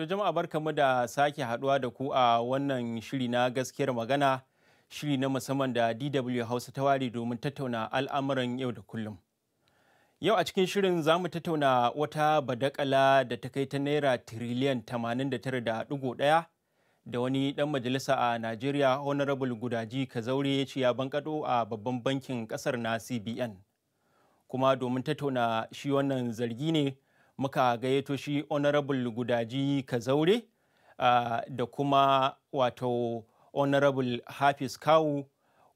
To jama'a barkamu da sake haduwa da ku a wannan shiri na gaskiyar magana shiri na musamman da DW Hausa ta ware domin tattauna al'amuran yau da kullum. Yau a cikin shirin za mu tattauna wata badakala da ta kai ta naira tiriliyan 89.1 da wani dan majalisa a Najeriya Honorable Gudaji Kazaure ya ce ya bankado a babban bankin kasar na CBN. Kuma domin tattauna shi wannan zargi ne. muka gayyato shi honorable gudaji kazaure uh, da kuma wato honorable hafiz kawu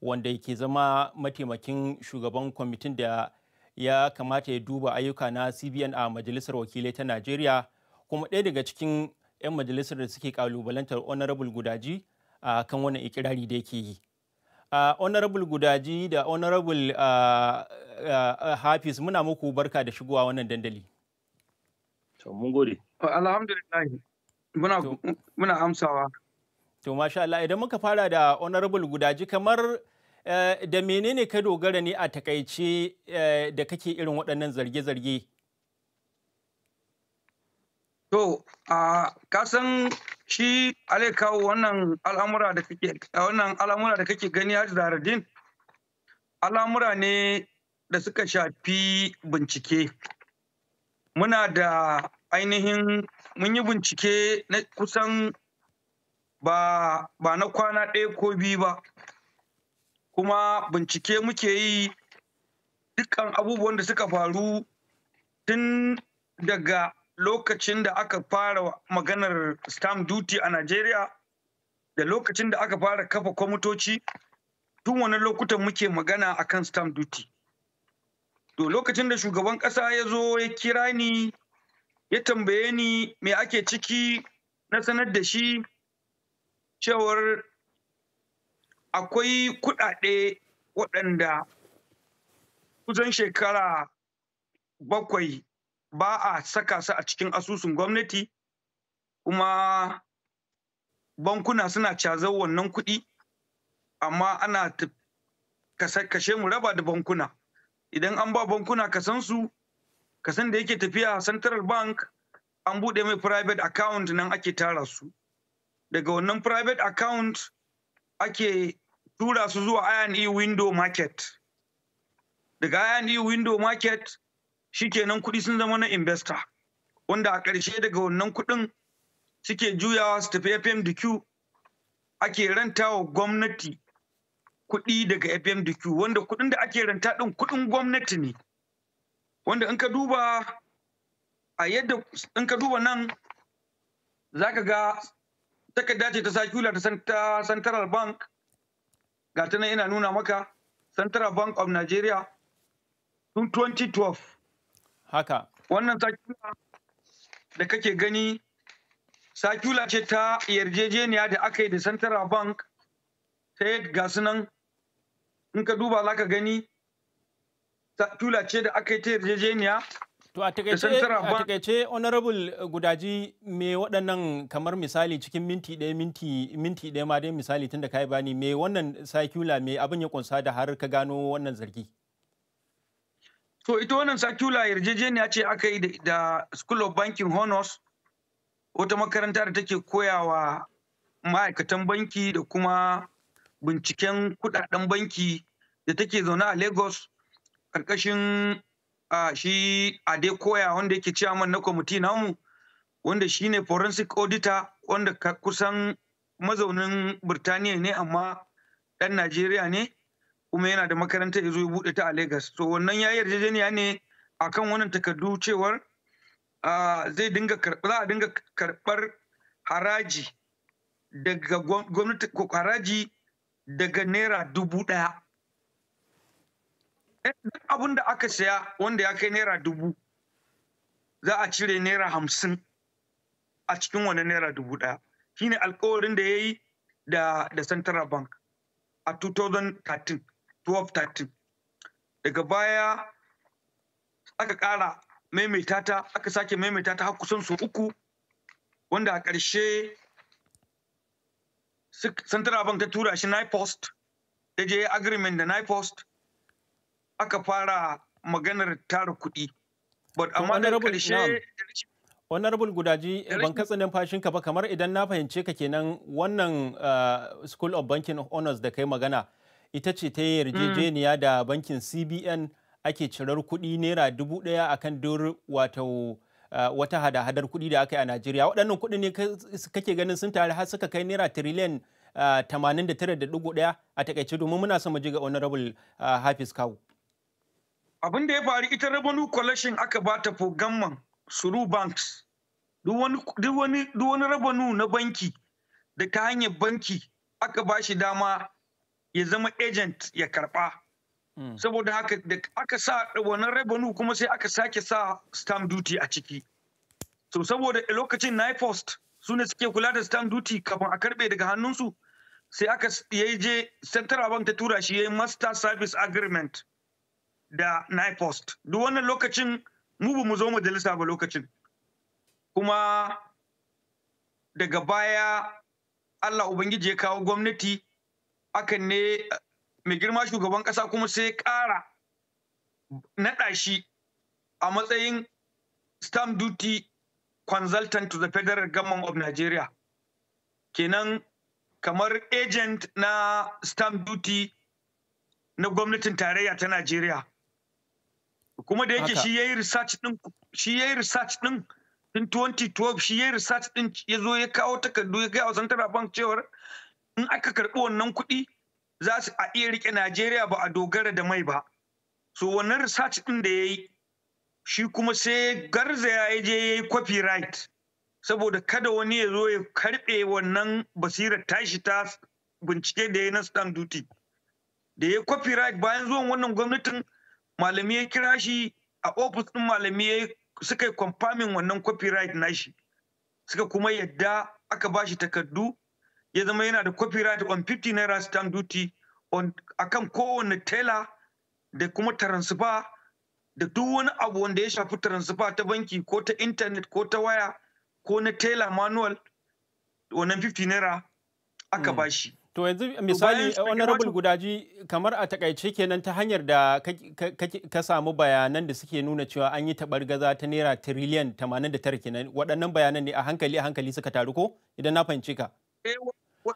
wanda yake zama mataimakin shugaban kwamitin da ya kamata ya duba ayyuka na cbn a majalisar wakilai ta najeriya kuma ɗaya daga cikin 'yan majalisar da suke kalubalantar honorable gudaji a uh, kan wannan ikirari da yake yi uh, honorable gudaji da honorable uh, hafiz muna muku barka da shigowa wannan dandali To mun gode. Alhamdulillah. Muna muna amsawa. To masha Allah idan muka fara da honorable gudaji kamar eh, da menene ka dogara ne a takaice eh, da kake irin waɗannan zarge-zarge? To, a kasan shi kawo wannan al'amura da kake wannan al'amura da kake gani Haji Zaradin al'amura ne da suka shafi bincike. muna da ainihin mun yi bincike na kusan ba, ba na kwana ɗaya ko biyu ba kuma bincike muke yi dukkan abubuwan da suka faru tun daga lokacin da aka fara maganar stamp duty a Najeriya da lokacin da aka fara kafa kwamitoci tun wani lokutan muke magana akan stamp duty. To lokacin da shugaban ƙasa ya zo ya kira ni ya tambaye ni me ake ciki na sanar da shi cewar akwai kuɗaɗe waɗanda kusan shekara bakwai ba a saka su a cikin asusun gwamnati kuma bankuna suna cazar wannan kuɗi amma ana kashe mu raba da bankuna idan an ba bankuna kasansu kasan da yake tafiya central bank an buɗe mai private account nan ake tara su daga wannan private account ake tura su zuwa E window market daga E window market shikenan kuɗi sun zama na investor wanda a ƙarshe daga wannan kuɗin suke juyawa su tafi FMDQ ake ranta wa gwamnati kuɗi daga FMDQ wanda kuɗin da ake ranta ɗin kuɗin gwamnati ne wanda in ka duba a yadda in ka duba nan za ka ga takarda ce ta circular ta central bank ga ta nan ina nuna maka central bank of nigeria tun 2012 haka wannan circular da kake gani circular ce ta yarjejeniya da aka yi da central bank ta yadda ga nan in ka duba za ka gani tula ce da aka yi ta yarjejeniya To a takaice honorable eh, gudaji me waɗannan kamar misali cikin minti ɗaya minti minti ɗaya ma dai misali tun da ka yi bani me wannan circular me abin ya kunsa da har ka gano wannan zargi. To ita wannan circular yarjejeniya ce aka yi da School of Banking Honors wata makaranta da take koyawa ma'aikatan banki da kuma binciken kuɗaɗen banki da take zaune a Lagos karkashin shi Adekoya wanda yake ciyaman na kwamiti namu wanda ne forensic auditor wanda kusan mazaunin Birtaniya ne amma ɗan Najeriya ne kuma yana da makaranta ya zo ya buɗe ta a Legas. To wannan ya yarjejeniya ne kan wannan takardu cewar zai dinga za a dinga karɓar haraji daga gwamnati haraji daga naira dubu ɗaya duk abin da aka saya wanda ya kai naira dubu za a cire naira hamsin a cikin wani naira dubu ɗaya shine alkawarin da ya yi da central bank a 2013 daga baya aka ƙara maimaita ta aka sake maimaita ta har kusan su uku wanda a ƙarshe central bank ta tura shi nipost ta je agreement da nipost aka fara maganar tara kuɗi. But amma da ƙarshe honorable gudaji ban katsa ka ba kamar idan na fahimce ka kenan wannan uh, school of banking Honours da kai magana ita ce ta yarjejeniya mm. da bankin cbn ake cirar kuɗi naira dubu ɗaya a dur wato uh, wata hada-hadar kuɗi da aka yi a najeriya waɗannan kuɗi ne kake ganin sun taru har suka kai naira tiriliyan uh, tamanin da tara da dubu ɗaya a takaice domin muna son mu ji ga honorable hafis kawu abin da ya faru ita revenue collection aka bata for gamman suru banks duk wani na banki da ta hanyar banki aka ba shi dama ya zama agent ya karba hmm. saboda haka da aka sa wani rabonu kuma sai aka sake sa stamp duty a ciki so saboda lokacin naifost su ne suke kula da stamp duty kafin a karbe daga hannunsu sai aka yaje je central bank ta tura shi ya yi master service agreement da NIPOST. Duk wannan lokacin mu ba mu zo majalisa ba lokacin. Kuma daga baya Allah Ubangiji ya kawo gwamnati akan ne eh, mai girma shugaban ƙasa kuma sai ƙara naɗa shi a matsayin stamp duty consultant to the federal government of Nigeria. Kenan kamar agent na stamp duty na gwamnatin tarayya ta Najeriya. kuma da yake shi yayi research din shi yayi research din tun 2012 shi yayi research din ya zo ya kawo takardu ya gaya wa central bank cewar in aka karbi wannan kuɗi za su a iya rike Najeriya ba a dogara da mai ba so wannan research din da yayi shi kuma sai garza ya je yayi copyright saboda kada wani ya zo ya karɓe wannan basirar tashi ta bincike da ya na stamp duty da ya copyright bayan zuwan wannan gwamnatin malami ya kira shi a ofis ɗin malami suka yi kwamfamin wannan copyright shi, suka kuma yadda aka ba shi takardu ya zama yana da copyright on 50 naira stamp duty akan kowane tela da kuma taransifa da duk wani abu wanda ya shafi taransifa ta banki ko ta intanet ko ta waya ko na tela manual wannan 50 naira aka mm. ba shi To yanzu misali honorable gudaji kamar a takaice kenan ta hanyar da ka samu bayanan da suke nuna cewa an yi tabar gaza ta naira tiriliyan 89 kenan waɗannan bayanan ne a hankali a hankali suka taru ko idan na fahimci ka.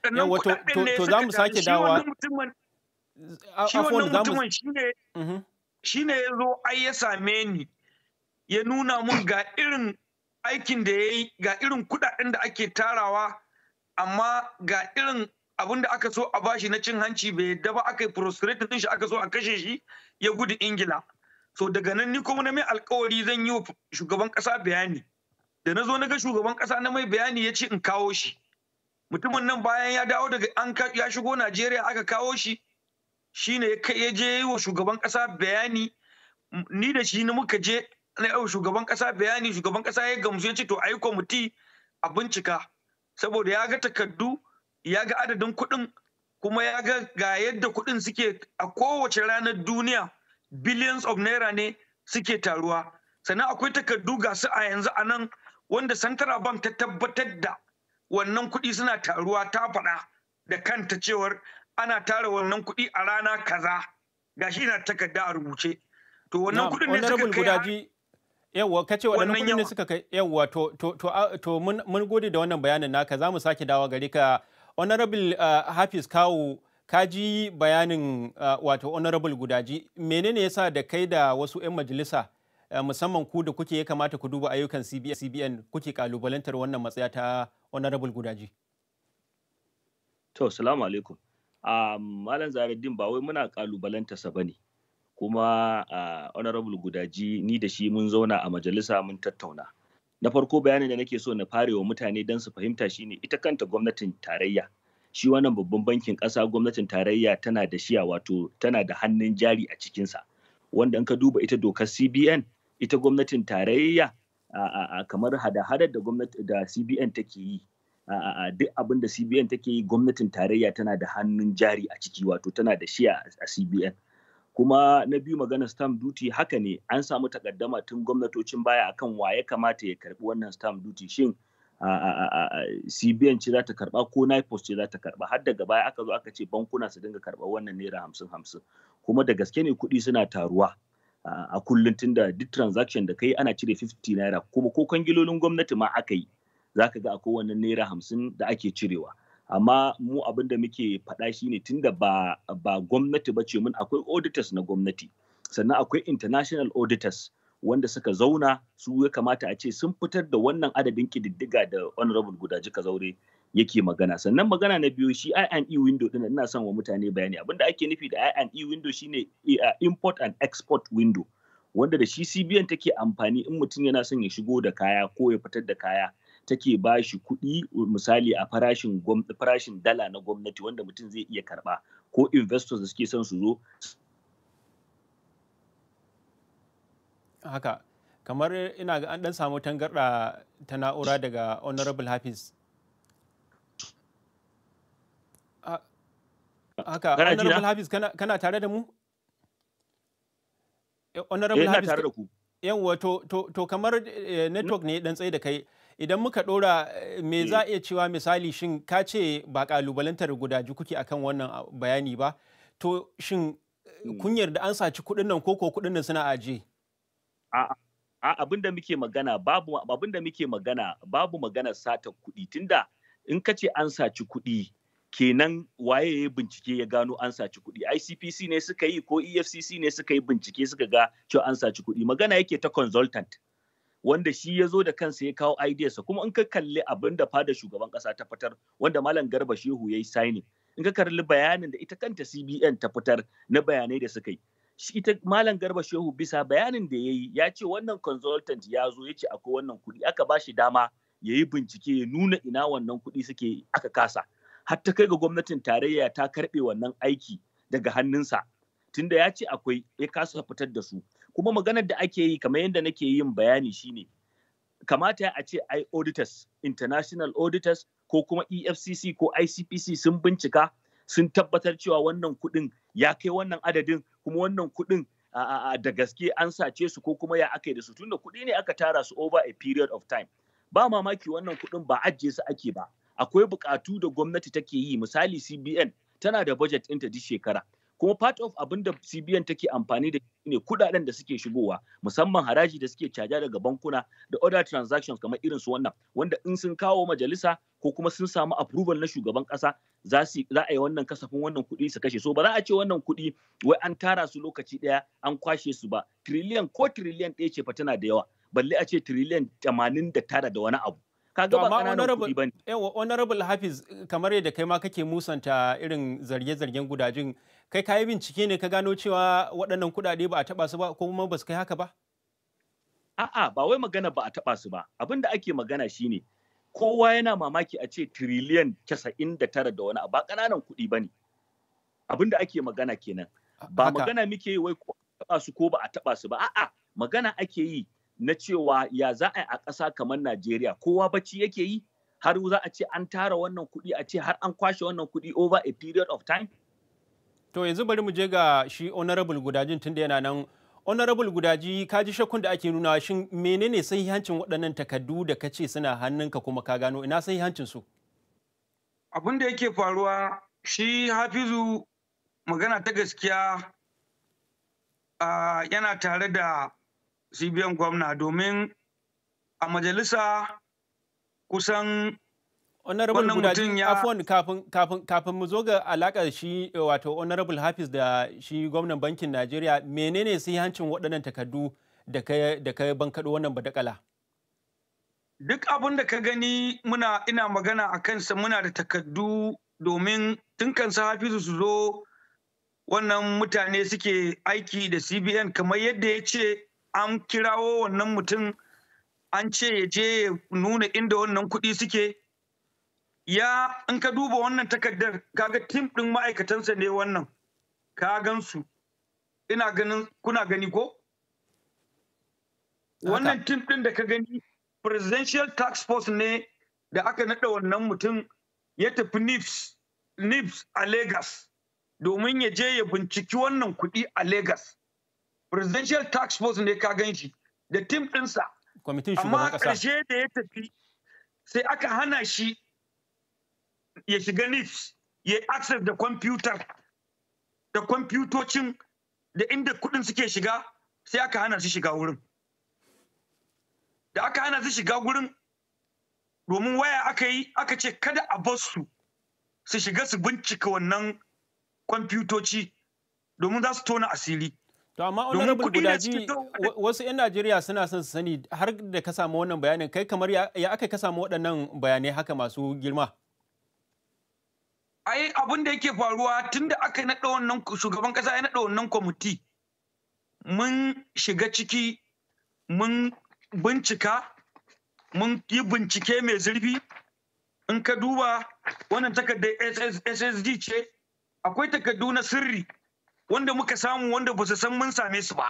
Yawwa eh, to za mu sake dawa. Shi wannan mutumin shi ne mm-hmm. ya zo ai ya same ni ya nuna mun ga irin aikin da ya yi ga irin kuɗaɗen da ake tarawa amma ga irin abin da aka so a bashi na cin hanci bai yadda ba aka yi prostrate din shi aka so a kashe shi ya gudu ingila so daga nan ni kuma na mai alkawari zan yi wa shugaban kasa bayani da na zo na ga shugaban kasa na mai bayani ya ce in kawo shi mutumin nan bayan ya dawo daga an ya shigo najeriya aka kawo shi shine ya je yi wa shugaban kasa bayani ni da shi ni muka je na yau shugaban kasa bayani shugaban kasa ya gamsu ya ce to ayi kwamiti a bincika saboda ya ga takardu ya ga adadin kuɗin kuma ya ga ga yadda kuɗin suke a kowace ranar duniya billions of naira ne suke taruwa sannan akwai takardu ga su a yanzu a nan wanda central bank ta tabbatar da wannan kuɗi suna taruwa ta faɗa da kanta cewar ana tara wannan kuɗi a rana kaza gashi ina takarda a rubuce to wannan kuɗin ne suka kai yawwa kace waɗannan kuɗin ne suka kai yawwa to to to mun gode da wannan bayanin naka za mu sake dawo gare ka honorable uh, hafiz kawu kaji bayanin uh, wato honorable gudaji menene yasa da kai da wasu 'yan majalisa uh, musamman ku da kuke ya kamata ku duba ayyukan cbn, CBN kuke kalubalantar wannan matsaya ta honorable gudaji to salamu alaikum um, malam zaruddin ba wai muna kalubalantarsa ba ne kuma uh, honorable gudaji ni da shi mun zauna a majalisa mun tattauna na farko bayanin da nake so na fare wa mutane don su fahimta shine ita kanta gwamnatin tarayya shi wannan babban bankin ƙasa gwamnatin tarayya tana da shiya wato tana da hannun jari a cikinsa wanda in ka duba ita dokar cbn ita gwamnatin tarayya kamar hada-hadar da da cbn take yi duk abin da cbn take yi gwamnatin tarayya tana da hannun jari a ciki wato tana da shiya a cbn kuma na biyu magana stamp duty haka ne an samu takaddama tun gwamnatocin baya akan wa ya kamata ya karbi wannan stamp duty shin cbn ce za ta karba ko nipos ce za ta karba har daga baya aka zo aka ce bankuna su dinga karba wannan naira hamsin hamsin kuma da gaske ne kuɗi suna taruwa a kullum tun da duk transaction da kai ana cire 50 naira kuma ko kwangilolin gwamnati ma aka yi za ka ga akwai wannan naira hamsin da ake cirewa amma mu abin da muke faɗa shine tunda ba ba gwamnati ba ce mun akwai auditors na gwamnati sannan akwai international auditors wanda suka zauna su ya kamata a ce sun fitar da wannan adadin kididdiga da honorable gudaji zaure yake magana sannan magana na biyu shi I&E window din ina son wa mutane bayani da ake nufi da I&E window shine eh, import and export window wanda da shi CBN take amfani in mutum yana son ya shigo da kaya ko ya fitar da kaya take ba shi kuɗi misali a farashin farashin dala na gwamnati wanda mutum zai iya karɓa ko investors da suke son su zo haka kamar ina ga an dan samu tangarɗa ta na'ura daga honorable hafiz haka honorable hafiz kana tare da mu eh, honorable eh, hafiz wato to kamar eh, network ne dan tsaye da kai idan muka dora eh, me za mm. iya cewa misali shin ka ce ba kalubalantar gudaji kuke akan wannan ah, bayani ba to shin eh, kunyar mm. da an saci kuɗin nan ko ko nan suna aje a'a abin da muke magana babu abin da muke magana babu magana sata kuɗi tunda in ka ce an saci kuɗi kenan waye ya bincike ya gano an saci kuɗi ICPC ne suka yi ko EFCC ne suka yi bincike suka ga cewa an saci kuɗi magana yake ta consultant wanda shi ya zo da kansa ya kawo ideas kuma in ka kalli abin da fada shugaban kasa ta fitar wanda malam garba shehu ya yi signing in ka kalli bayanin da ita kanta cbn ta fitar na bayanai da suka yi shi ita malam garba shehu bisa bayanin da ya yi ya ce wannan consultant ya zo ya ce akwai wannan kuɗi aka ba shi dama ya yi bincike ya nuna ina wannan kuɗi suke aka kasa har ta kai ga gwamnatin tarayya ta karɓe wannan aiki daga hannunsa tunda ya ce akwai ya kasa fitar da su kuma maganar da ake yi kamar yadda nake yin bayani shine kamata a ce ai auditors international auditors ko kuma efcc ko icpc sun bincika sun tabbatar cewa wannan kuɗin ya kai wannan adadin kuma wannan kuɗin da gaske an sace su ko kuma ya aka yi da su tunda kuɗi ne aka tara su over a period of time ba mamaki wannan kuɗin ba ajiye su ake ba akwai buƙatu da gwamnati take yi misali cbn tana da budget ɗinta duk shekara kuma part of abin da CBN take amfani da ne kudaden da suke shigowa musamman haraji da suke caja daga bankuna da other transactions kamar irin su wannan wanda in sun kawo majalisa ko kuma sun samu approval na shugaban kasa za su za a yi wannan kasafin wannan kudi su kashe so ba za a ce wannan kudi wai an tara su lokaci daya an kwashe su ba trillion ko trillion ɗaya ce fa tana da yawa balle a ce trillion 89 da wani abu kaga ba kananan kudi bane honorable hafiz kamar yadda kai ma kake musanta irin zarge-zargen gudajin kai ka yi bincike ne ka gano cewa waɗannan kuɗaɗe ba a taɓa su ba ko kuma ba su kai haka ba? A'a ba wai magana ba a taɓa su ba abin da ake magana shine kowa yana mamaki a ce tiriliyan casa'in da tara da wani ba ƙananan kuɗi ba ne abin ake magana kenan ba magana muke yi wai ko a taɓa su ko ba a taɓa su ba a'a magana ake yi na cewa ya za a yi a ƙasa kamar Najeriya kowa bacci yake yi har za a ce an tara wannan kuɗi a ce har an kwashe wannan kuɗi over a period of time To yanzu bari mu je ga shi honorable gudajin tunda yana nan honorable gudaji ka ji shakkun da ake nuna shin menene hancin waɗannan takaddu da ka ce suna hannunka kuma ka gano ina sahihancin su abin da yake faruwa shi hafizu magana ta gaskiya yana tare da cbn gwamna domin a majalisa kusan honorable gudaji afon kafin kafin kafin mu zo ga alakar shi eh, wato honorable hafiz da shi gwamnan bankin najeriya menene sai hancin waɗannan takardu da ka da bankaɗo wannan badakala duk abin da ka gani muna ina magana a kansa muna da takardu domin tun kansa hafizu su zo wannan mutane suke aiki da cbn kamar yadda ya ce an kirawo wannan mutum an ce ya je nuna inda wannan kuɗi suke ya in ka duba wannan takardar kaga tim ɗin ma'aikatansa ne wannan ka gansu ina ganin kuna gani ko wannan tim ɗin da ka gani presidential tax force ne da aka naɗa wannan mutum ya tafi nips a lagos domin ya je ya binciki wannan kuɗi a lagos presidential tax force ne ka gan shi da tim ɗinsa amma ƙarshe da ya tafi sai aka hana shi ya shiga nif ya access da kwamfutar da kwamfutocin da inda kudin suke shiga sai aka hana su shiga wurin da aka hana su shiga wurin domin waya aka yi aka ce kada a bar su su shiga su bincika wannan kwamfutoci domin za su tona asiri To amma honorable gudaji wasu 'yan Najeriya suna son su sani har da ka samu wannan bayanin kai kamar ya aka ka samu waɗannan bayanai haka masu girma. ai abin da yake faruwa tunda aka naɗa wannan shugaban ƙasa ya naɗa wannan kwamiti mun shiga ciki mun bincika mun yi bincike mai zurfi in ka duba wannan takardar ssd ce akwai takardu na sirri wanda muka samu wanda ba su san mun same su ba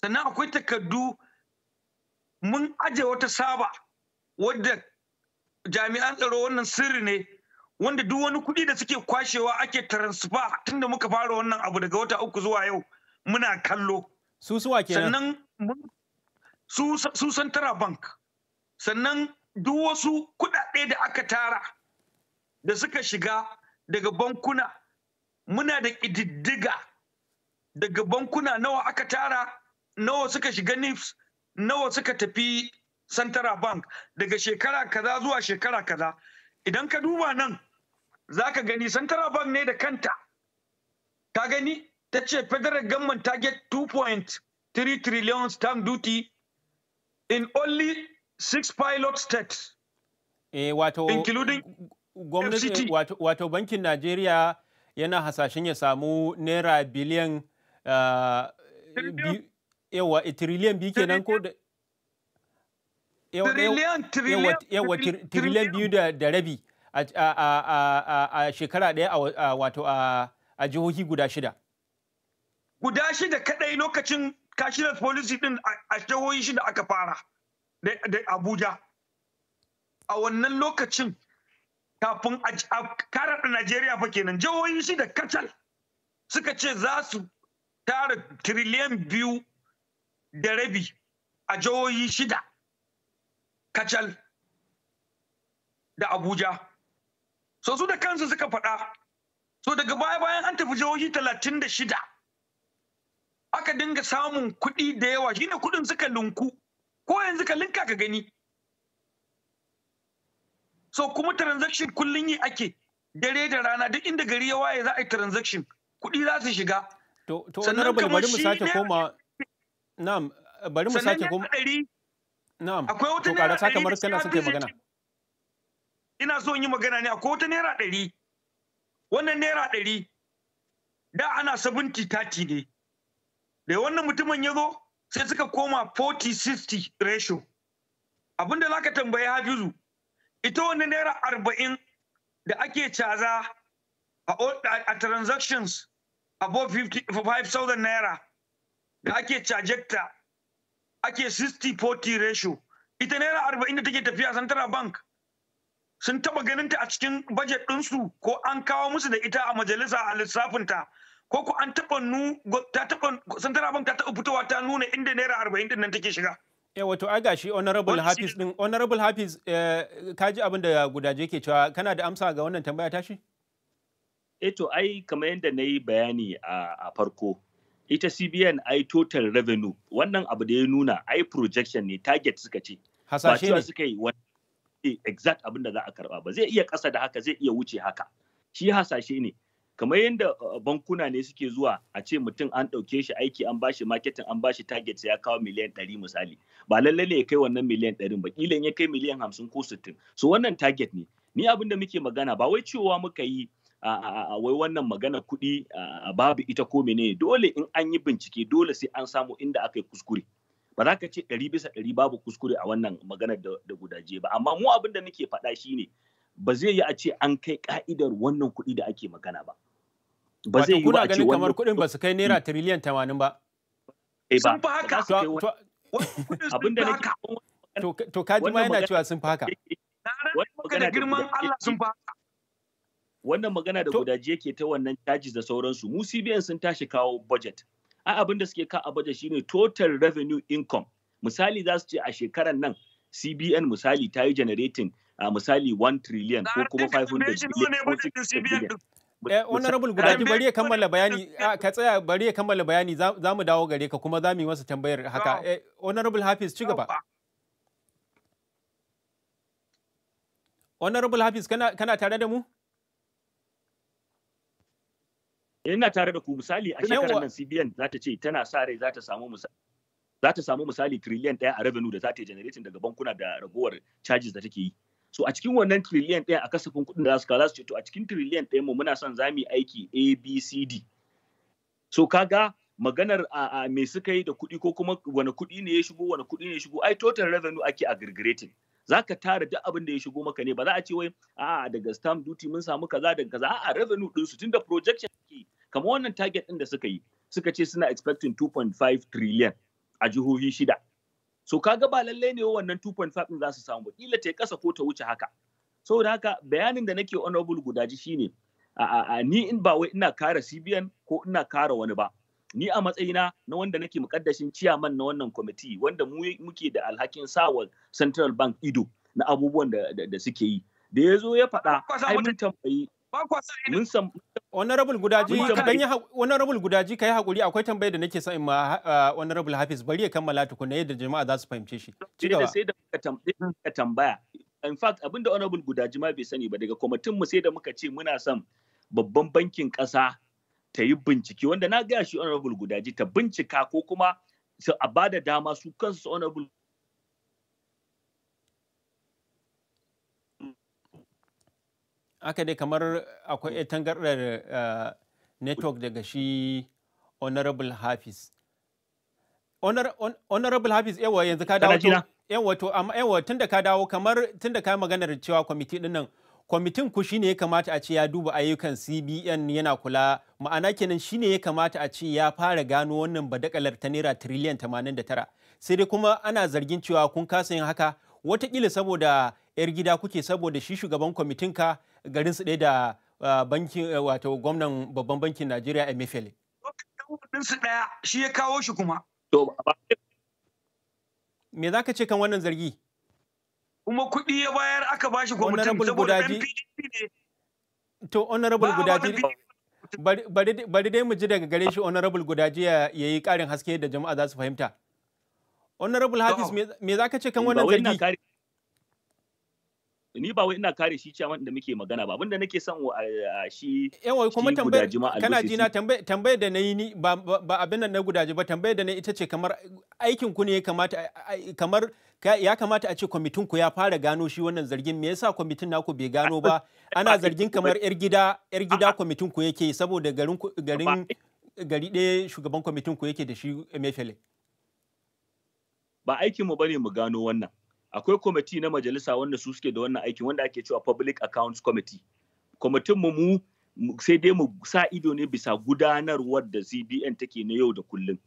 sannan akwai takardu mun aje wata saba wadda jami'an tsaro wannan sirri ne wanda duk wani kuɗi da suke kwashewa ake transfer tunda muka fara wannan abu daga wata uku zuwa yau muna kallo su suwa ke sannan su santara bank sannan duk wasu kuɗaɗe da aka tara da suka shiga daga bankuna muna da ƙididdiga daga bankuna nawa aka tara nawa suka shiga nifs nawa suka tafi santara bank daga shekara kaza zuwa shekara kaza idan ka duba nan za ka gani central bank ne da kanta ka gani ta ce federal government get 2.3 trillion stamp duty in only six pilot states eh, wato, including gwamnati wato, wato bankin najeriya yana hasashen ya samu naira biliyan ah, yawa eh, trillion biyu kenan ko da yawa triliyan biyu da rabi a shekara ɗaya wato a jihohi guda shida guda shida kadai lokacin kashinan policy din a jihohi shida aka fara da abuja a wannan lokacin kafin a da najeriya fa kenan jihohi shida kacal suka ce za su tara tiriliyan biyu da rabi a jihohi shida kacal da abuja so su da kansu suka faɗa so daga baya bayan an tafi jihohi talatin da shida aka dinga samun kuɗi da yawa shine kuɗin suka linku ko yanzu ka linka ka gani so kuma transaction kullum yi ake dare da rana duk inda gari ya waye za a yi transaction kuɗi za su shiga to sannan mu sake koma na'am bari mu sake koma na'am akwai wata ne kamar kana son kai magana ina so in yi magana ne akwai wata naira ɗari wannan naira ɗari da ana sabunti tati ne da wannan mutumin ya zo sai suka koma 40-60 ratio abinda za ka tambayi hafizu ita wannan naira arba'in da ake caza a transactions above 5,000 naira da ake cajekta ake 60-40 ratio ita naira arba'in da take tafiya central bank sun taba ganin ta a cikin bajet ɗinsu ko an kawo musu da ita a majalisa a lissafinta ko ko an taba nu ta taba central bank ta taba fitowa ta nuna inda naira arba'in din nan take shiga eh wato a gashi honorable hafiz din honorable hafiz eh, kaji abin da gudaje ke cewa kana da amsa ga wannan tambaya tashi eh to ai kamar yadda na yi bayani a farko ita CBN ai total revenue wannan abu da ya nuna ai projection ne target suka ce hasashe ne suka yi wani faɗi exact abin da za a karba ba zai iya kasa da haka zai iya wuce haka shi hasashe ne kamar yadda uh, bankuna ne suke zuwa a ce mutum an ɗauke shi aiki an bashi marketing an bashi target ya kawo miliyan ɗari misali ba lallai ne ya kai wannan miliyan ɗarin ba ƙilan ya kai miliyan hamsin ko sittin so wannan target ne ni abin da muke magana ba wai cewa muka yi a wai wannan magana kuɗi babu ita ko menene dole in an yi bincike dole sai an samu inda aka yi kuskure ba za ka ce ɗari bisa ɗari babu kuskure a wannan maganar da gudaje ba amma mu abin da muke faɗa shine ba zai yi a ce an kai ka'idar wannan kuɗi da ake magana ba ba zai yi ba a ce kamar kuɗin ba su kai naira tiriliyan tamanin ba eh sun fi haka abin da nake to kaji ma yana cewa sun fa haka girman Allah sun haka wannan magana da gudaje yake ta wannan charges da sauransu mu CBN sun tashi kawo budget ai abin da suke ka a budget shine total revenue income misali za su ce a shekarar nan CBN misali ta yi generating a ah, misali 1 trillion ko kuma 500 billion ko 600 billion Eh, honorable gudaji bari ya kammala bayani ah, ka tsaya bari ya kammala bayani za mu dawo gare ka kuma za mu yi masa tambayar haka eh, honorable hafiz ci gaba honorable hafiz kana, kana tare da mu Eh, ina tare da ku misali a shekarar nan CBN za ta ce tana sa rai za ta samu misali za ta samu trillion ɗaya a revenue da za ta yi generating daga bankuna da ragowar charges da take yi so a cikin wannan trillion ɗaya a kasafin kuɗin da za su ce to a cikin trillion ɗaya mu muna son za yi aiki ABCD so kaga maganar a, me suka yi da kuɗi ko kuma wani kuɗi ne ya shigo wani kuɗi ne ya shigo ai total revenue ake aggregating za ka tara duk abin da ya shigo maka ne ba za a ce wai a daga stamp duty mun samu kaza daga kaza a revenue ɗinsu tunda projection kamar wannan target ɗin da suka yi suka ce suna expecting 2.5 trillion a jihohi shida so kaga ba lallai ne wannan 2.5 ɗin za su samu kila ta kasa ko ta wuce haka saboda haka bayanin da nake honorable gudaji shine a ni in ba wai ina kare CBN ko ina kare wani ba ni a matsayina na wanda nake mukaddashin ciyaman na wannan kwamiti wanda mu muke da alhakin sawa central bank ido na abubuwan da, suke yi da ya zo ya faɗa ai mun tambayi ba kwa sa mun san honorable gudaji honorable gudaji kai hakuri akwai tambayar da nake son in ma uh, honorable Hafiz bari ya kammala tukuna yadda jama'a za su fahimce shi cigaba sai da muka tambaya in fact abinda honorable gudaji ma bai sani ba daga kwamitin mu sai da muka ce muna son babban bankin kasa ta yi bincike wanda na gaya shi honorable gudaji ta bincika ko kuma su a bada dama su kansu honorable aka dai kamar akwai hmm. tangarɗar eh, network daga shi honorable hafiz honorable hafiz yawa yanzu ka dawo yawa to amma yawa da ka dawo kamar tun da ka maganar cewa kwamiti din nan kwamitin ku shine ya kamata a ce ya duba ayyukan CBN yana kula ma'ana kenan shine ya kamata a ce ya fara gano wannan badakalar ta naira triliyan 89 sai dai kuma ana zargin cewa kun kasa yin haka watakila saboda 'yar gida kuke saboda shi shugaban kwamitin ka garin su ɗaya da bankin wato gwamnan babban bankin Najeriya Emefiele. Ɗin su ɗaya shi ya kawo shi kuma. Me za ka ce kan wannan zargi? Kuma kuɗi ya bayar aka ba shi kwamitin saboda NPDP ne. To honorable gudaji bari dai mu ji daga gare shi honorable gudaji ya yi ƙarin haske da jama'a za su fahimta. Honorable Hafiz me za ka ce kan wannan zargi? ni ba wai ina kare shi cewa da muke magana ba abinda nake son a shi yawa kuma tambayar kana na tambayar da nayi ni ba ba abin nan na gudaje ba tambayar da nayi ita ce kamar aikin ku ne kamata kamar ya kamata a ce kwamitin ku ya fara gano shi wannan zargin me yasa kwamitin naku bai gano ba ana zargin kamar yar gida yar gida kwamitin ku yake saboda garin garin gari ɗaya shugaban kwamitin ku yake da shi mefele ba aikin mu bane mu gano wannan akwai kwamiti na majalisa wanda su suke da wannan aikin wanda ake cewa public accounts committee kwamitin mu mu sai dai mu sa ido ne bisa gudanarwar da cbn take na yau da kullum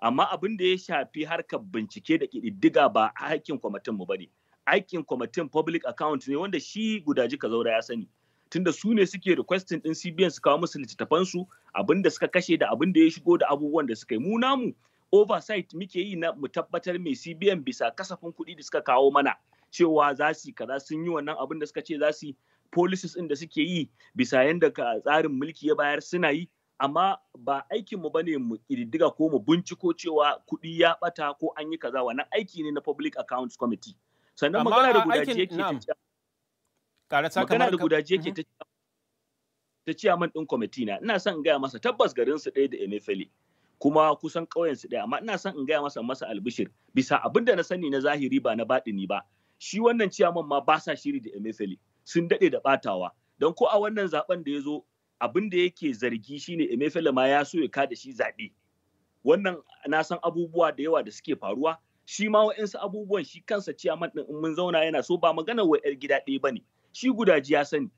amma abin da ya shafi harkar bincike da ƙididdiga ba aikin kwamitin mu bane aikin kwamitin public account ne wanda shi gudaji Zaura ya sani tunda su ne suke requesting din cbn su kawo musu littattafan su abin da suka kashe da abin da ya shigo da abubuwan da suka yi mu namu oversight muke yi na mu tabbatar mai CBN bisa kasafin kuɗi da suka kawo mana cewa za su kaza sun yi wannan abin da suka ce za su policies ɗin da suke yi bisa yadda ka tsarin mulki ya bayar suna yi amma ba aikin mu bane mu ƙididdiga ko mu binciko cewa kuɗi ya ɓata ko an yi kaza wannan aiki ne na public accounts committee sannan magana da gudaje yake ta mhm. ta ta ciyaman ɗin kwamiti na ina son gaya masa tabbas garin su ɗaya da emefele kuma kusan ƙauyen su ɗaya amma ina son in gaya masa masa albishir bisa abin da na sani na zahiri ba na ni ba shi wannan ciyaman ma ba sa shiri da emefele sun daɗe da ɓatawa don ko a wannan zaɓen da ya zo abin da yake zargi shine emefele ma ya so ya ka da shi zaɓe wannan na san abubuwa da yawa da suke faruwa shi ma wa'insu abubuwan shi kansa ciyaman ɗin in mun zauna yana so ba magana wa 'yar gida ɗaya ba ne shi gudaji ya sani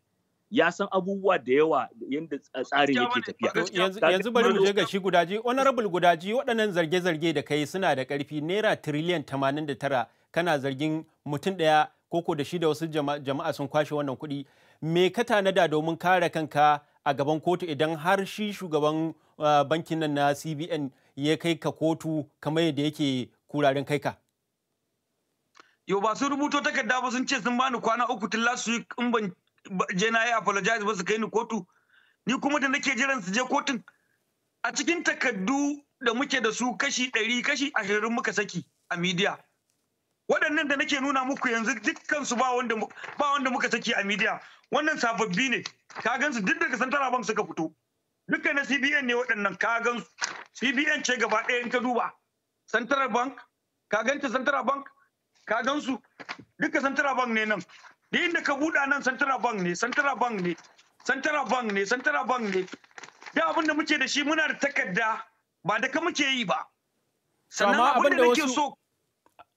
ya san abubuwa da yawa yadda tsarin yake tafiya. Yanzu bari mu je ga shi gudaji, honorable gudaji waɗannan zarge-zarge da kai suna da ƙarfi naira tiriliyan tamanin da tara kana zargin mutum ɗaya koko da shi da wasu jama'a sun kwashe wannan kuɗi. Me ka tanada domin kare kanka a gaban kotu idan har shi shugaban uh, bankin nan na CBN ya kai ka kotu kamar yadda yake kurarin kai ka? yau ba sun rubuto takarda ba sun ce sun bani kwana uku tun lasu in ban je na yi apologize ba su kai ni kotu ni kuma da nake jiran su je kotun a cikin takaddu da muke da su kashi ɗari kashi ashirin muka saki a midiya waɗannan da nake nuna muku yanzu dukkan su ba wanda muka saki a midiya wannan sababbi ne ka gansu duk daga santara bank suka fito dukkan na cbn ne waɗannan ka gansu cbn ce gaba ɗaya in ka duba central bank ka ganta central bank ka su duka central bank ne nan da inda ka buɗa nan santara bank ne santara bank ne santara bank ne santara bank ne da abin da muke da shi muna da takarda ba da ka muke yi ba sannan abin da nake so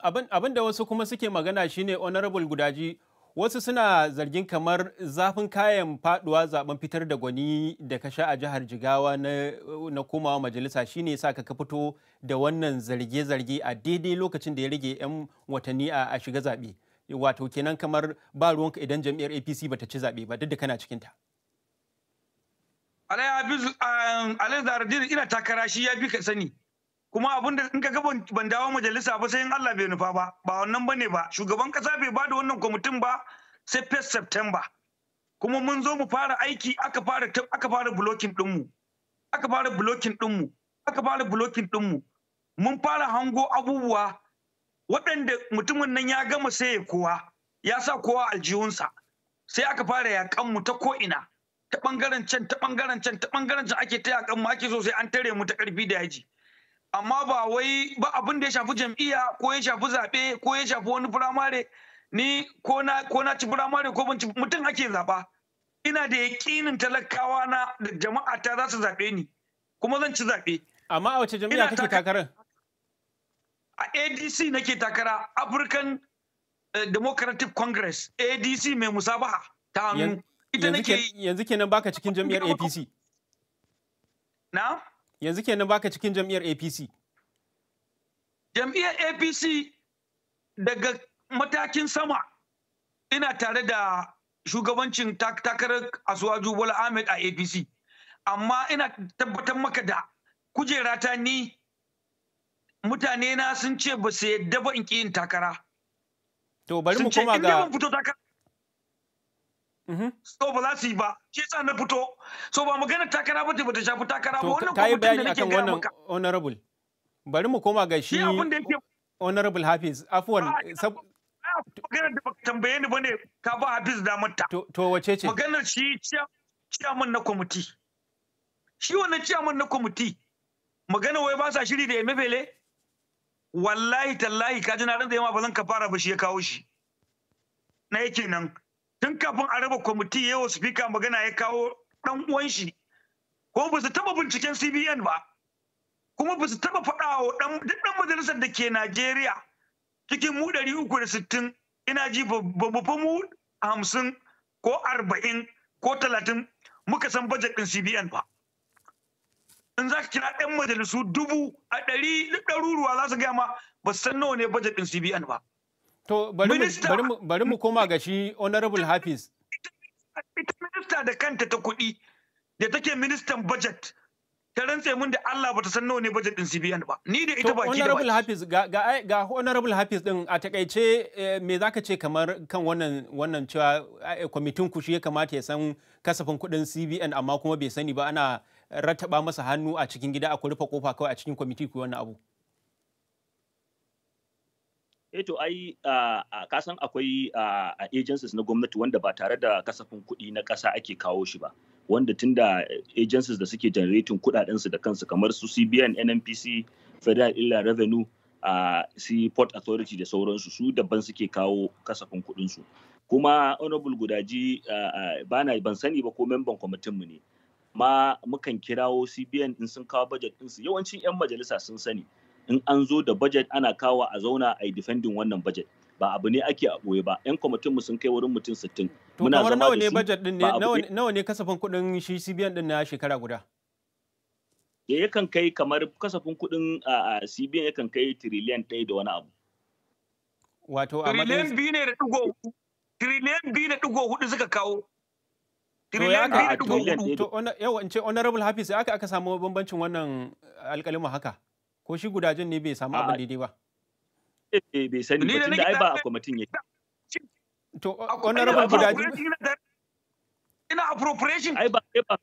abin da wasu kuma suke magana shine honorable gudaji wasu suna zargin kamar zafin kayan faduwa zaben fitar da gwani da ka sha a jihar jigawa na, komawa majalisa shine sa ka fito da wannan zarge-zarge a daidai lokacin da ya rage 'yan watanni a shiga zaɓe. wato kenan kamar ba ruwanka idan jam'iyyar apc ba ta ci zaɓe ba duk da kana cikinta alai um, zaradin ina takara shi ya fi ka sani kuma abin da in ka ga ban dawo majalisa ba sai in allah bai nufa ba ba wannan bane ba shugaban kasa bai bada da wannan kwamitin ba sai first september kuma mun zo mu fara aiki aka fara aka fara blocking dinmu aka fara blocking dinmu aka fara blocking dinmu mun fara hango abubuwa waɗanda mutumin nan ya gama sai kowa ya sa kowa aljihunsa sai aka fara yakan mu ta ko'ina ta ɓangaren can ta ɓangaren can ta ɓangaren can ake ta yakan mu ake so sai an tare mu ta ƙarfi da yaji amma ba wai ba abin da ya shafi jam'iyya ko ya shafi zaɓe ko ya shafi wani firamare ni ko na ko na ci firamare ko ban ci mutum ake zaɓa ina da yaƙinin talakawa na da jama'a ta za su zaɓe ni kuma zan ci zaɓe amma a wace jam'iyya kake takarar a adc nake takara african eh, democratic congress adc mai musabaha ta hannu ita nake yanzu kenan baka cikin jam'iyyar apc na yanzu kenan baka cikin jam'iyyar apc jam'iyyar apc daga matakin sama ina tare da shugabancin takarar asuwaju bola ahmed a apc amma ina tabbatar maka da kujerata ni mutane na sun ce ba su yadda ba in ki yin takara to bari mu koma ga fito takara mhm. so ba za su yi ba shi sa na fito so ba magana takara ba ba ta shafi takara ba wannan kuma bayani akan wannan honorable bari mu koma ga shi honorable hafiz afwan ah, ah, magana da baka tambaye ni bane ka ba Hafiz da ta. To wace ce? Maganar shi ciyaman na kwamiti. Shi wannan ciyaman na kwamiti. Magana wai ba sa shiri da Emefele? wallahi tallahi ka ji na rinda yawa ba zan kafara ba shi ya kawo shi na yake nan tun kafin a raba kwamiti ya yi spika magana ya kawo dan uwan shi ko ba su taba binciken cbn ba kuma ba su taba faɗa wa duk dan majalisar da ke najeriya cikin mu ɗari uku da sittin ina ji babbafa mu hamsin ko arba'in ko talatin muka san bajet ɗin cbn ba in za ka kira ɗan majalisu dubu a ɗari ɗaruruwa za su gaya ma ba san nawa ne bajet ɗin CBN ba. To bari mu koma ga shi Honorable Hafiz. Ita minista da kanta ta kuɗi da take ministan bajet ta rantse mun da Allah ba ta san nawa ne bajet ɗin CBN ba. Ni da ita baki da Honorable Hafiz ga ga Honorable Hafiz din a takaice eh, me za ka ce kamar kan wannan wannan cewa eh, kwamitin ku shi ya kamata ya san kasafin kuɗin CBN amma kuma bai sani ba ana rattaba masa hannu a cikin gida a ku rufe kofa kawai a cikin kwamiti ku wannan abu eh to ai ka san akwai agencies na gwamnati wanda ba tare da kasafin kuɗi na ƙasa ake kawo shi ba wanda tunda agencies da suke generating kuɗaɗen su da kansu kamar su CBN NNPC Federal Illa Revenue a uh, port authority da sauransu su daban suke kawo kasafin kuɗinsu kuma honorable gudaji uh, uh, bana ban sani ba ko memban kwamitin mu ne ma mukan kirawo CBN in sun kawo budget ɗinsu yawancin 'yan majalisa sun sani in an zo da budget ana kawo a zauna a yi defending wannan budget ba abu ne ake a ɓoye ba 'yan kwamitin mu sun kai wurin mutum 60 muna zama nawa ne budget din ne nawa ne kasafin kuɗin shi CBN din na shekara guda ya eh, yakan kai kamar kasafin kuɗin a CBN yakan kai trillion ɗaya da wani abu wato a matsayin trillion biyu ne da ɗigo trillion biyu da ɗigo hudu suka kawo yawa in ce honorable hafiz ya aka aka samu bambancin wannan alƙalima haka ko shi gudajen ne bai samu abin daidai ba eh, eh bai sani ba tunda ai ba a kwamitin yake to honorable gudajen ina appropriation ai ba ba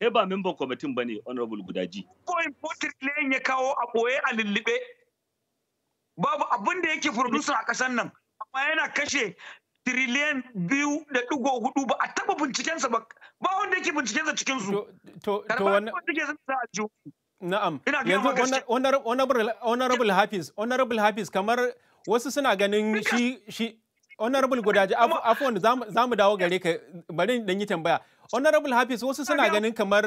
kai ba memban kwamitin bane ne honorable gudaji. Point portrait layin ya kawo a ɓoye a lullube. Babu abin da yake producer a ƙasar nan, amma yana kashe tiriliyan biyu da ɗigo hudu ba a taɓa bincikensa ba ba wanda yake bincikensa cikinsu. To, to, wanda yake sa a jihu. Na'am. Yanzu honorable Hafiz, honorable Hafiz kamar wasu suna ganin shi shi honorable gudaji afon za mu dawo gare ka bari dan yi tambaya. Honorable Hafiz wasu suna ganin kamar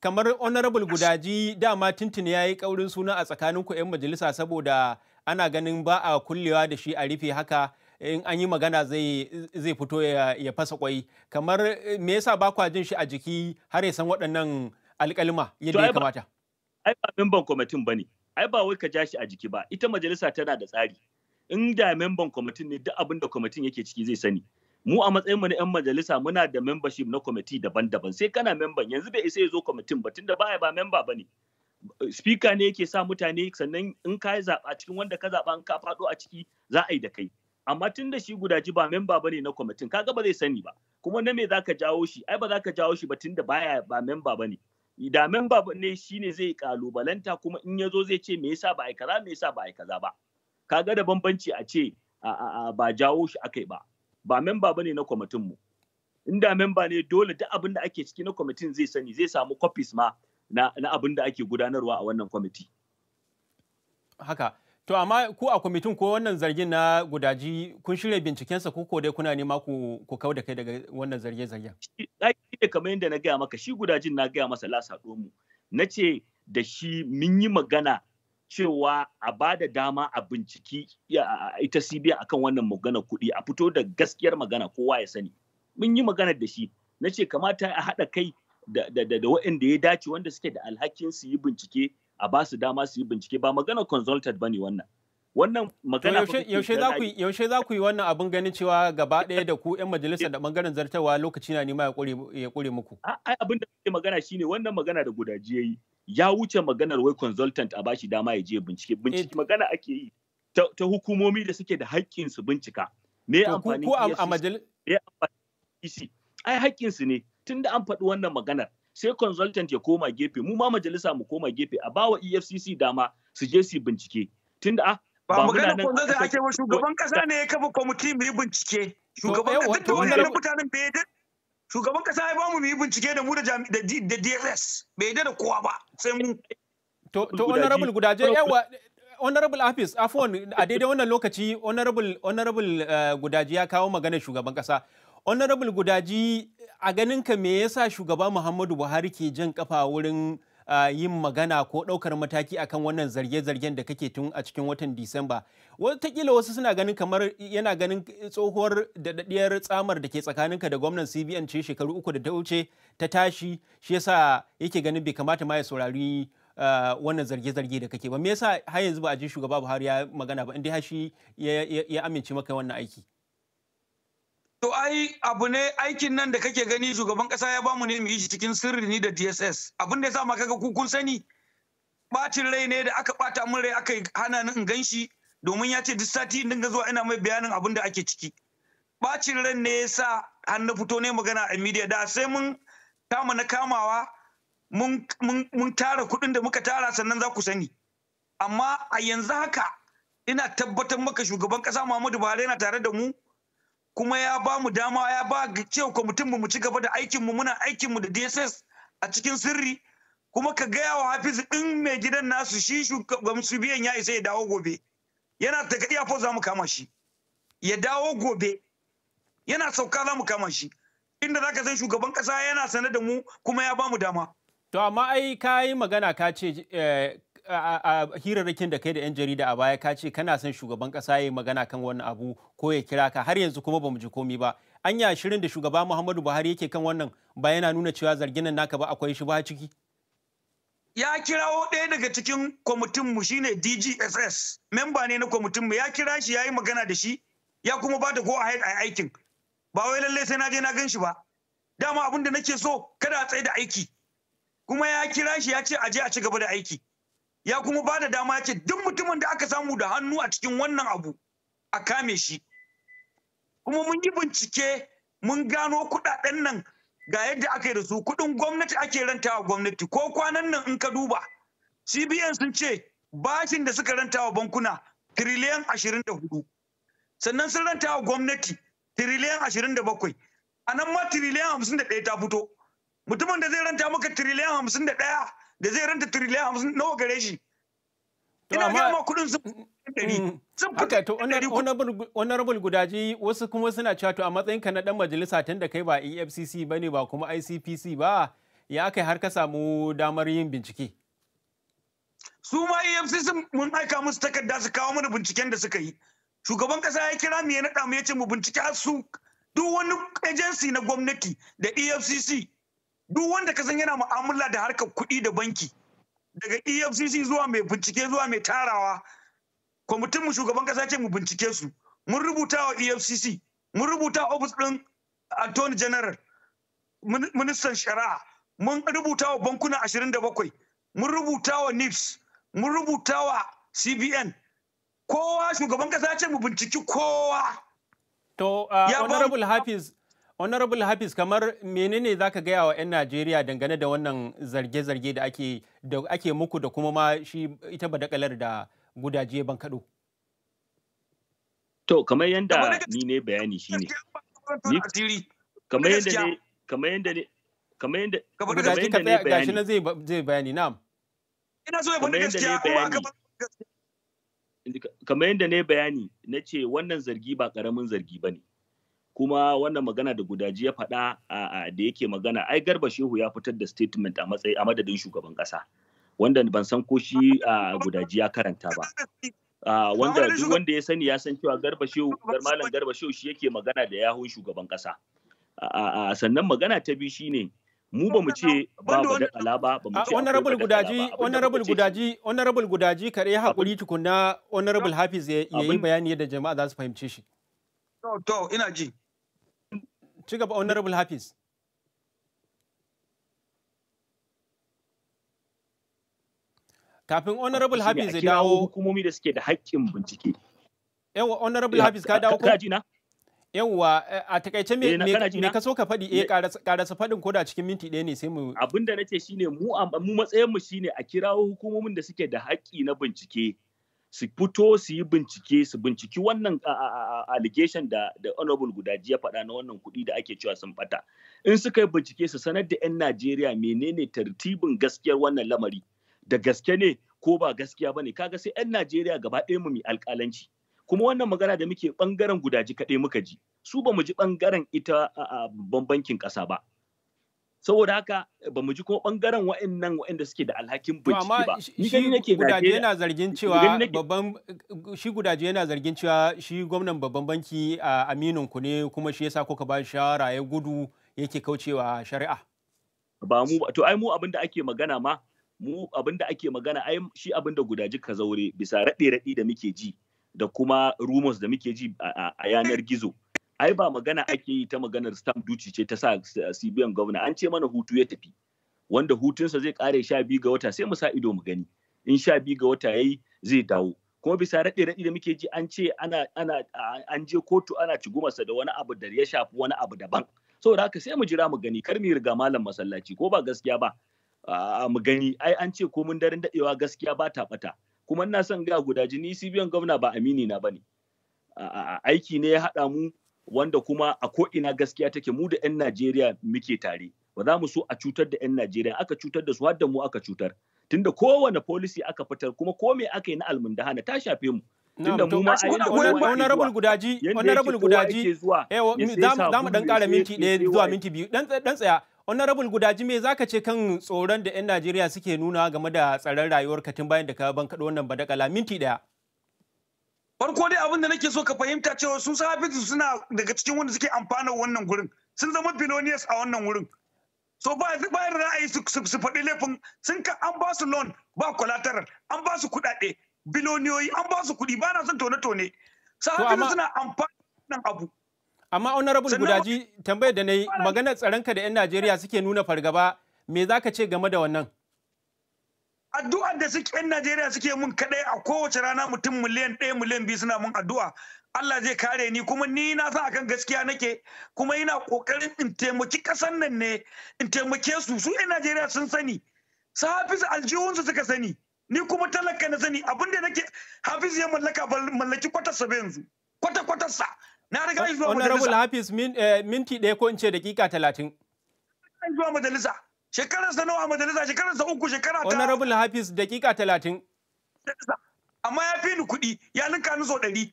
kamar honorable gudaji dama tintini yayi kaurin suna a tsakanin ku yan majalisa saboda ana ganin ba a kullewa da shi a rufe haka in an yi magana zai fito ya fasa kwai kamar eh, me yasa ba kwa jin shi a jiki har ya san waɗannan alƙalma yadda ya kamata ai ba memban kwamitin bane ai ba wai ka ja shi a jiki ba ita majalisa tana da tsari in da memban kwamitin ne duk abin kwamitin yake ciki zai sani mu a matsayin mu na yan majalisa muna da membership na kwamiti daban-daban sai kana memban yanzu bai isa ya zo kwamitin ba tunda baya ba memba bane speaker ne yake sa mutane sannan in ka yi zaɓa cikin wanda ka zaɓa in ka faɗo a ciki za a yi da kai amma tun da shi gudaji ba memba ba ne na kwamitin kaga ba zai sani ba kuma na me za ka jawo shi ai ba za ka jawo shi ba tun da baya ba memba ba ne da memba ne shi ne zai kalubalanta kuma in ya zo zai ce me yasa ba ai kaza me yasa ba ai kaza ba kaga da bambanci a ce ba jawo shi akai ba ba memba ba ne na kwamitin mu in da memba ne dole duk abin da ake ciki na kwamitin zai sani zai samu copies ma na, na abin da ake gudanarwa a wannan kwamiti haka To amma ku a kwamitin ko wannan zargin na gudaji kun shirya bincikensa ko dai kuna nema ku ku kau da kai daga wannan zarge-zargen. Shi ne kamar yadda na gaya maka shi gudajin na gaya masa lasa mu na ce da shi mun yi magana cewa a ba da dama a binciki ita a akan wannan magana kuɗi a fito da gaskiyar magana kowa ya sani. Mun yi magana da shi na ce kamata a haɗa kai da waɗanda ya dace wanda suke da alhakin su yi bincike a ba su dama su yi bincike ba magana consulted ba ne wannan wannan magana yaushe za ku yi wannan abin ganin cewa gaba ɗaya da ku yan majalisa da bangaren zartawa lokaci na nema ya kure muku ai abin da muke magana shine wannan magana da gudaji yayi ya wuce maganar wai consultant a bashi dama ya je bincike eh. bincike magana ake yi ta hukumomi da suke da haƙƙin su bincika me amfani ko a e majalisa e ai haƙƙin su ne tunda an faɗi wannan maganar sai consultant ya koma gefe mu ma majalisa mu koma gefe a bawa EFCC dama su je su bincike tunda a ah, ba ga nan da ake wa shugaban kasa ne ya kafa committee mu yi bincike shugaban eh, kasa duk wannan mutanen bai da shugaban kasa ya ba mu yi bincike da mu da da DSS bai da kowa ba sai mu to to honorable gudaje yawa honorable Hafiz afwan a daidai wannan lokaci honorable honorable eh, gudaji ya kawo magana shugaban kasa honorable gudaji a ganinka me yasa shugaba Muhammadu Buhari ke jan kafa wurin yin magana ko ɗaukar mataki akan wannan zarge-zargen da kake tun a cikin watan Disamba. Watakila wasu suna ganin kamar yana ganin tsohuwar daɗaɗɗiyar tsamar da ke tsakaninka da gwamnan CBN ce shekaru uku da ta wuce ta tashi shi yasa yake ganin bai kamata ma ya saurari wannan zarge-zarge da kake ba me yasa har yanzu ba a ji shugaba Buhari ya magana ba inda har shi ya amince maka wannan aiki To ai abu ne aikin nan da kake gani shugaban kasa ya bamu ne mu yi cikin sirri ni da DSS. Abin da ya sa ma kaga ku kun sani bacin rai ne da aka bata min rai aka hana ni in ganshi domin ya ce duk sati in dinga zuwa ina mai bayanin abin da ake ciki. Bacin rai ne ya sa har na fito ne magana a media da sai mun kama na kamawa mun tara kuɗin da muka tara sannan za ku sani. Amma a yanzu haka ina tabbatar maka shugaban kasa Muhammadu Buhari yana tare da mu kuma ya ba mu dama ya ba cewa kwamitinmu mu ci gaba da aikinmu muna aikinmu da dss a cikin sirri kuma ka gaya wa hafiz ɗin mai gidan nasu shi shugaban su biyan ya isa ya dawo gobe yana ta gadi fo za mu kama shi ya dawo gobe yana sauka za mu kama shi inda zaka san shugaban kasa yana sane da mu kuma ya ba mu dama to amma ai ka yi magana ka ce eh, a hirarrakin da kai da 'yan jarida a baya ka ce kana son shugaban kasa ya yi magana kan wannan abu ko ya kira ka har yanzu kuma bamu ji komi ba anya shirin da shugaba muhammadu buhari yake kan wannan ba yana nuna cewa zarginan naka ba akwai shi ba ciki ya kirawo ɗaya daga cikin kwamitin mu shine DGFS memba ne na kwamitin mu ya kira shi ya yi magana da shi ya kuma ba da go ahead a aikin ba wai lallai sai na je na gan shi ba dama abin da nake so kada a tsaye da aiki kuma ya kira shi ya ce a je a ci gaba da aiki ya kuma ba da dama ce duk mutumin da aka samu da hannu a cikin wannan abu a kame shi kuma mun yi bincike mun gano kudaden nan ga yadda aka yi da su kudin gwamnati ake ranta wa gwamnati ko kwanan nan in ka duba cbn sun ce bashin da suka ranta wa bankuna tiriliyan ashirin da hudu sannan sun ranta wa gwamnati tiriliyan ashirin da bakwai a nan ma tiriliyan hamsin da ɗaya ta fito mutumin da zai ranta maka tiriliyan hamsin da ɗaya da zai ranta tiriliyan hamsin nawa gare shi ina ga ma kudin sun mm. sun fita to honorable gudaji wasu kuma suna cewa to a matsayin ka na dan majalisa tun da kai ba EFCC bane ba kuma ICPC ba ya kai har ka samu damar yin bincike su ma EFCC mun aika musu takarda su kawo mana binciken da suka yi shugaban kasa ya kira mu ya naɗa mu ya ce mu bincike su duk wani agency na gwamnati da EFCC duk wanda ka san yana mu'amala da harkar kuɗi da banki daga efcc zuwa mai bincike zuwa mai tarawa kwamitin mu shugaban kasa ce mu bincike su mun rubuta wa efcc mun rubuta ofis ɗin attorney general ministan shari'a mun rubuta wa bankuna 27 mun rubuta wa nips mun rubuta wa cbn kowa shugaban kasa ce mu binciki kowa to uh, honorable hafiz honorable hafiz kamar menene za ka gaya wa 'yan najeriya dangane da wannan zarge-zarge da ake muku da kuma ma shi ita badakalar da gudaje ban kaɗo to kamar yadda ni ne bayani shi ne kamar yadda ne bayani na kamar yadda ne bayani na ce wannan zargi ba ƙaramin zargi ba ne kuma wannan magana da gudaji ya faɗa da yake magana ai garba shehu ya fitar da statement a matsayi a madadin shugaban ƙasa wanda ban san ko shi gudaji ya karanta ba wanda duk wanda ya sani ya san cewa garba shehu malam garba shehu shi yake magana da yahun shugaban ƙasa sannan magana ta biyu shine mu ba mu ce ba da datsala ba ba mu ce honorable gudaji honorable gudaji honorable gudaji kare hakuri tukunna honorable hafiz ya yi bayani yadda jama'a za su fahimce shi to ina ji ci gaba honorable hafiz kafin honorable hafiz ya dawo hukumomi da suke da haƙƙin bincike yawa honorable hafiz ka dawo ko yawa a takaice me eh, me ka so ka faɗi eh karasa faɗin koda cikin minti ɗaya ne sai mu abinda nace shine mu mu matsayin mu shine a kirawo hukumomin da suke da haƙƙi na bincike su fito su yi bincike su binciki wannan allegation da da honorable gudaji ya faɗa na wannan kuɗi da ake cewa sun ɓata in suka yi bincike su sanar da 'yan najeriya menene tartibin gaskiyar wannan lamari da gaske ne ko ba gaskiya ba bane kaga sai 'yan najeriya gaba ɗaya mu mai alƙalanci kuma wannan magana da muke ɓangaren gudaji kaɗai muka ji su ba mu ji ɓangaren ita a babban bankin ƙasa ba saboda haka ba mu ji kuma bangaren wa'annan wa'anda suke da alhakin bincike ba shi gudaje yana zargin cewa babban shi gudaje yana zargin cewa shi gwamnan babban banki a aminin ku ne kuma shi yasa kuka ba shawara ya gudu yake kaucewa shari'a ba mu to ai mu abin da ake magana ma mu abin da ake magana ai shi abin da gudaji ka zaure bisa raɗe-raɗi da muke ji da kuma rumors da muke ji a yanar gizo ai ba magana ake yi ta maganar stamp duty ce ta sa CBN gwamna an ce mana hutu ya tafi wanda hutunsa zai kare sha biyu ga wata sai mu sa ido mu gani in sha biyu ga wata yayi zai dawo kuma bisa raɗe raɗe da muke ji an ce ana ana an je kotu ana cigumarsa da wani abu da ya shafi wani abu daban saboda haka sai mu jira mu gani kar mu riga malam masallaci ko ba gaskiya ba mu gani ai an ce ko mun daren dadewa gaskiya ba ta bata kuma ina son ga guda jini CBN gwamna ba amini na bane aiki ne ya haɗa mu wanda kuma a ko'ina gaskiya take mu da 'yan Najeriya muke tare ba za mu so a cutar da 'yan Najeriya aka cutar da su har da mu aka cutar tunda kowane policy aka fitar kuma ko me aka yi na almundahana ta shafe mu tunda mu ma ai honorable gudaji honorable gudaji eh, za mu dan kara minti ɗaya zuwa minti biyu dan gudaji me zaka ce kan tsoron da 'yan Najeriya suke nuna game da tsaron rayuwar katin bayan da ka bankaɗo wannan badakala minti ɗaya farko dai abin da nake so ka fahimta cewa su sahabisu suna daga cikin wanda suke amfana wannan gurin sun zama billionaires a wannan wurin so ba ba ra'ayi su su faɗi laifin sun ka an ba su loan ba collateral an ba su kuɗaɗe biloniyoyi an ba su kuɗi ba na son tone tone sahabisu suna amfana wannan abu amma honorable gudaji tambayar da na yi maganar tsaronka da 'yan najeriya suke nuna fargaba me za ka ce game da wannan addu'ar da suke yan Najeriya suke mun kadai a kowace rana mutum miliyan ɗaya miliyan biyu suna mun addu'a Allah zai kare ni kuma ni na sa akan gaskiya nake kuma ina kokarin in taimaki kasan nan ne in taimake su su yan Najeriya sun sani su hafiz aljihunsu suka sani ni kuma talaka na sani abin da nake hafiz ya mallaka mallaki kwatarsa ba yanzu kwata kwatarsa na riga zuwa majalisa honorable hafiz eh, minti ɗaya ko in ce dakika talatin zuwa majalisa shekarar sa nawa a majalisa shekarar sa uku shekara ta honorable hafiz dakika talatin amma ya fi ni kuɗi ya ninka ni so ɗari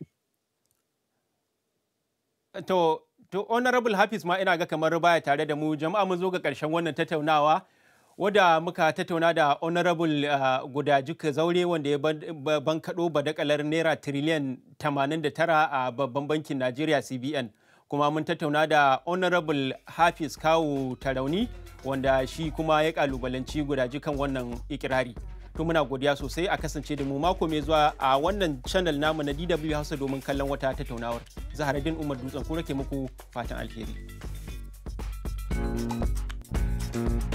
to to honorable hafiz ma ina ga kamar baya tare da mu jama'a mun zo ga ƙarshen wannan tattaunawa wadda muka tattauna da honorable ah, gudajuka zaure wanda ya bankaɗo badakalar naira tiriliyan 89 a babban bankin najeriya cbn kuma mun tattauna da honorable hafiz kawu tarauni wanda shi kuma ya kalubalanci guda kan wannan ikirari to muna godiya sosai a kasance da mu mako mai zuwa a wannan channel namu na DW Hausa domin kallon wata tattaunawar Zaharaddin Umar Dutsen ku rake muku fatan alheri thank you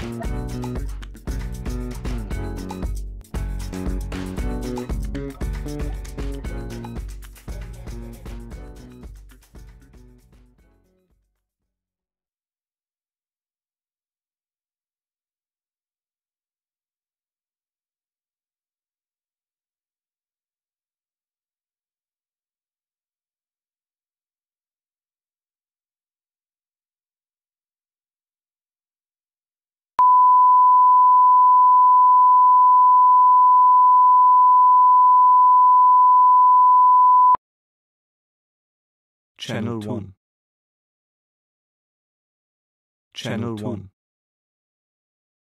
Channel 1 Channel 1